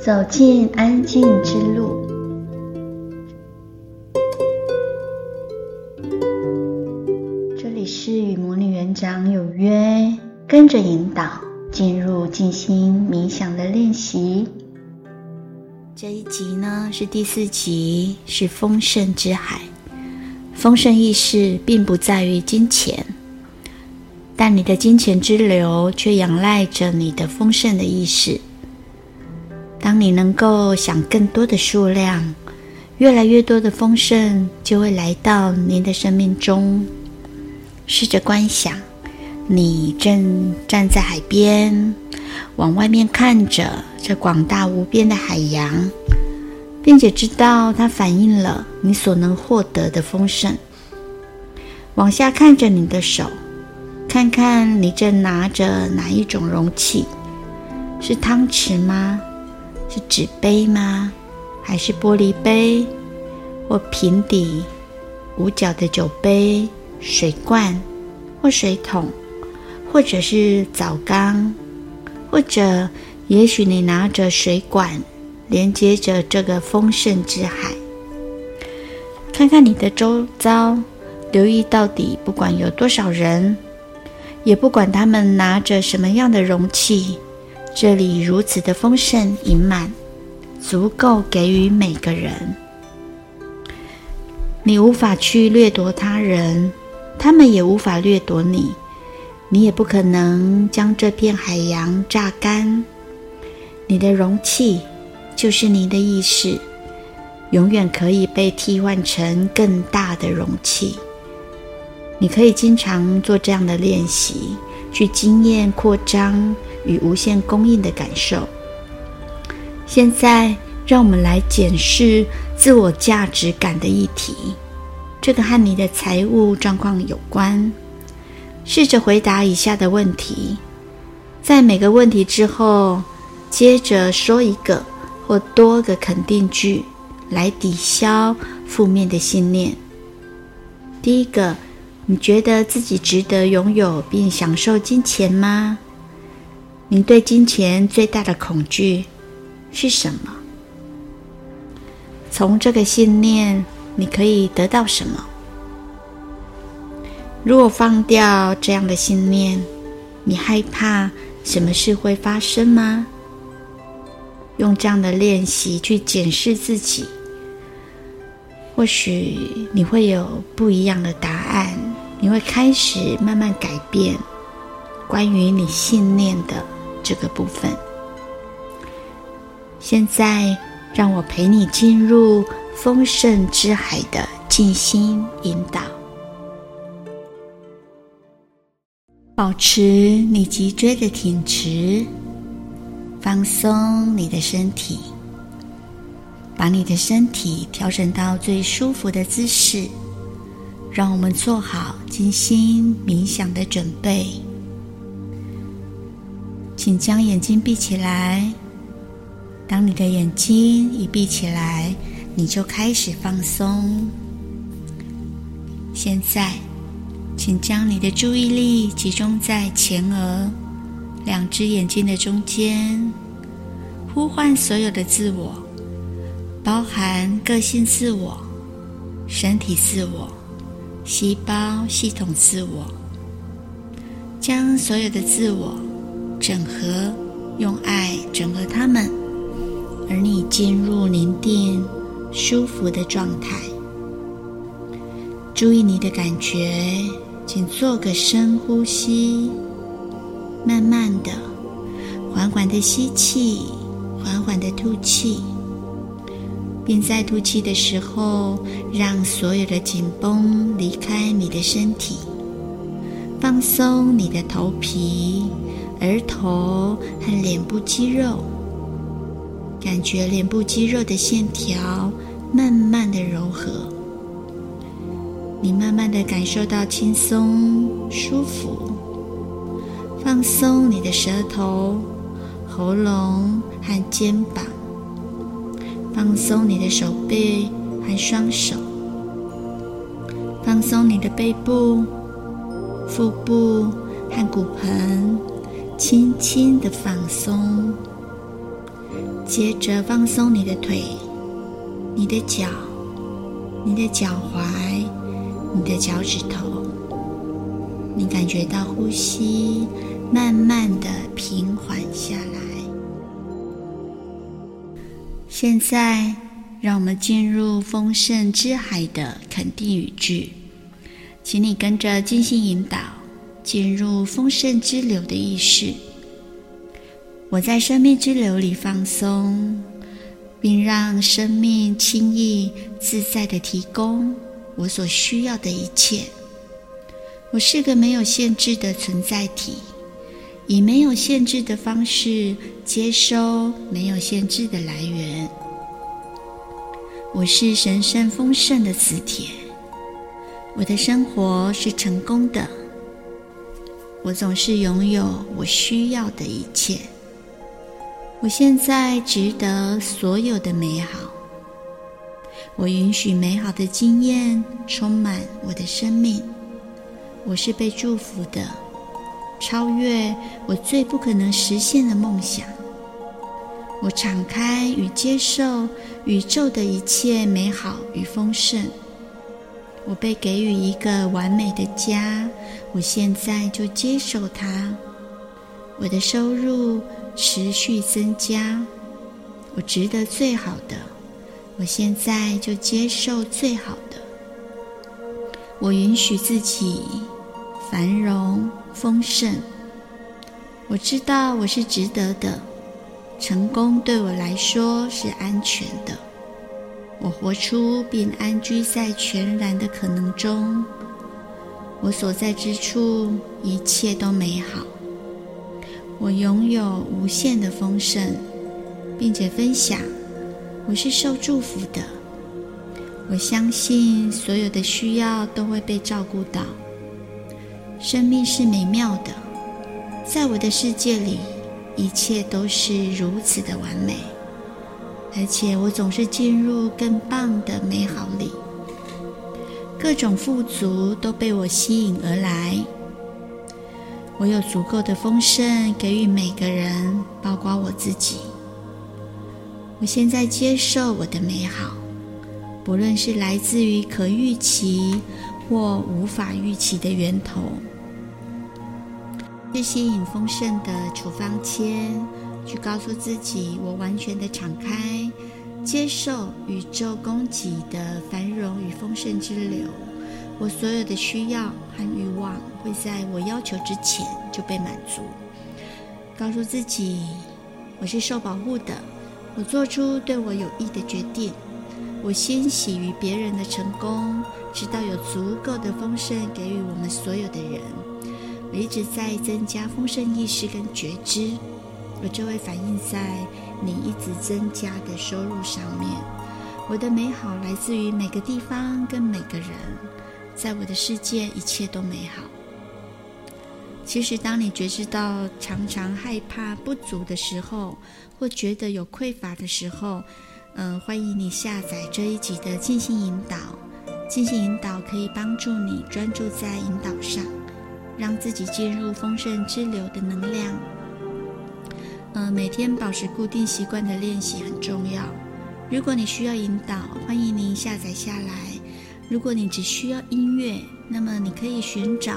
走進安靜之路。這裡是與魔女園長有約，跟着引導進入靜心冥想的練習。這一集呢是第四集，是豐盛之海。豐盛意識並不在於金錢，但你的金錢之流卻仰賴着你的豐盛的意識。當你能夠想更多的數量，越來越多的豐盛就會來到您的生命中。試着觀想，你正站在海邊，往外面看着這廣大無邊的海洋，並且知道它反映了你所能獲得的豐盛。往下看着你的手，看看你正拿着哪一種容器，是湯匙嗎？是紙杯嗎？還是玻璃杯，或平底、無腳的酒杯、水罐、或水桶，或者是澡缸，或者也許你拿着水管，連接着這個豐盛之海。看看你的周遭，留意到底，不管有多少人，也不管他們拿着什麼樣的容器。這裡如此的豐盛盈滿，足夠給予每個人。你無法去掠奪他人，他們也無法掠奪你，你也不可能將這片海洋榨乾。你的容器就是你的意識，永遠可以被替換成更大的容器。你可以經常做這樣的練習，去經驗擴張。與無限供應的感受。現在，讓我們來檢視自我價值感的議題，這個和你的財務狀況有關。試着回答以下的問題，在每個問題之後，接着說一個或多個肯定句來抵消負面的信念。第一個，你覺得自己值得擁有並享受金錢嗎？你對金錢最大的恐懼是什麼？從這個信念，你可以得到什麼？如果放掉這樣的信念，你害怕什麼事會發生嗎？用這樣的練習去檢視自己，或許你會有不一樣的答案。你會開始慢慢改變關於你信念的。這個部分，現在讓我陪你進入豐盛之海的靜心引導。保持你脊椎的挺直，放鬆你的身體，把你的身體調整到最舒服的姿勢。讓我們做好靜心冥想的準備。請將眼睛閉起來。當你的眼睛一閉起來，你就開始放鬆。現在，請將你的注意力集中在前額，兩隻眼睛的中間，呼喚所有的自我，包含個性自我、身體自我、細胞系統自我，將所有的自我。整合，用愛整合他們，而你進入寧靜、舒服的狀態。注意你的感覺，請做個深呼吸，慢慢的、緩緩的吸氣，緩緩的吐氣，並在吐氣，在吐氣的時候，讓所有的緊繃離開你的身體，放鬆你的頭皮。額頭和臉部肌肉，感覺臉部肌肉的線條慢慢的柔和。你慢慢的感受到輕鬆、舒服。放鬆你的舌頭、喉嚨和肩膀，放鬆你的手背和雙手，放鬆你的背部、腹部和骨盆。輕輕的放鬆，接着放鬆你的腿、你的腳、你的腳踝、你的腳趾頭。你感覺到呼吸慢慢的平緩下來。現在，讓我們進入豐盛之海的肯定語句，請你跟着靜心引導。進入豐盛之流的意識，我在生命之流裡放鬆，並讓生命輕易自在地提供我所需要的一切。我是個沒有限制的存在體，以沒有限制的方式接收沒有限制的來源。我是神聖豐盛的磁鐵，我的生活是成功的。我總是擁有我需要的一切。我現在值得所有的美好。我允許美好的經驗充滿我的生命。我是被祝福的，超越我最不可能實現的夢想。我敞開與接受宇宙的一切美好與與豐盛。我被給予一個完美的家，我現在就接受它。我的收入持續增加，我值得最好的，我現在就接受最好的。我允許自己繁榮豐盛，我知道我是值得的，成功對我來說是安全的。我活出並安居在全然的可能中，我所在之處一切都美好。我擁有無限的豐盛，並且分享。我是受祝福的。我相信所有的需要都會被照顧到。生命是美妙的，在我的世界裡，一切都是如此的完美。而且我總是進入更棒的美好裡，各種富足都被我吸引而來。我有足夠的豐盛給予每個人，包括我自己。我現在接受我的美好，不論是來自於可預期或無法預期的源頭。是吸引豐盛的處方箋。去告訴自己，我完全的敞開，接受宇宙供給的繁榮與豐盛之流。我所有的需要和欲望，會在我要求之前就被滿足。告訴自己，我是受保護的。我做出對我有益的決定。我欣喜於別人的成功，知道有足夠的豐盛給予我們所有的人。我一直在增加豐盛意識跟覺知。我就會反映在你一直增加的收入上面。我的美好來自於每個地方跟每個人，在我的世界一切都美好。其實，當你覺知到常常害怕不足的時候，或覺得有匱乏的時候、呃，嗯，歡迎你下載這一集的靜心引導。靜心引導可以幫助你專注在引導上，讓自己進入豐盛之流的能量。呃，每天保持固定習慣的練習很重要。如果你需要引導，歡迎您下載下來。如果你只需要音樂，那麼你可以尋找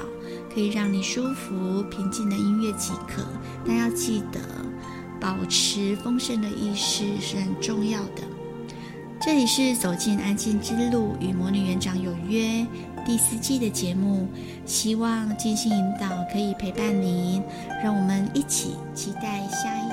可以讓你舒服、平靜的音樂即可。但要記得，保持豐盛的意識是很重要的。這裡是走進安靜之路與魔女園長有約第四季的節目，希望靜心引導可以陪伴您，讓我們一起期待下一期。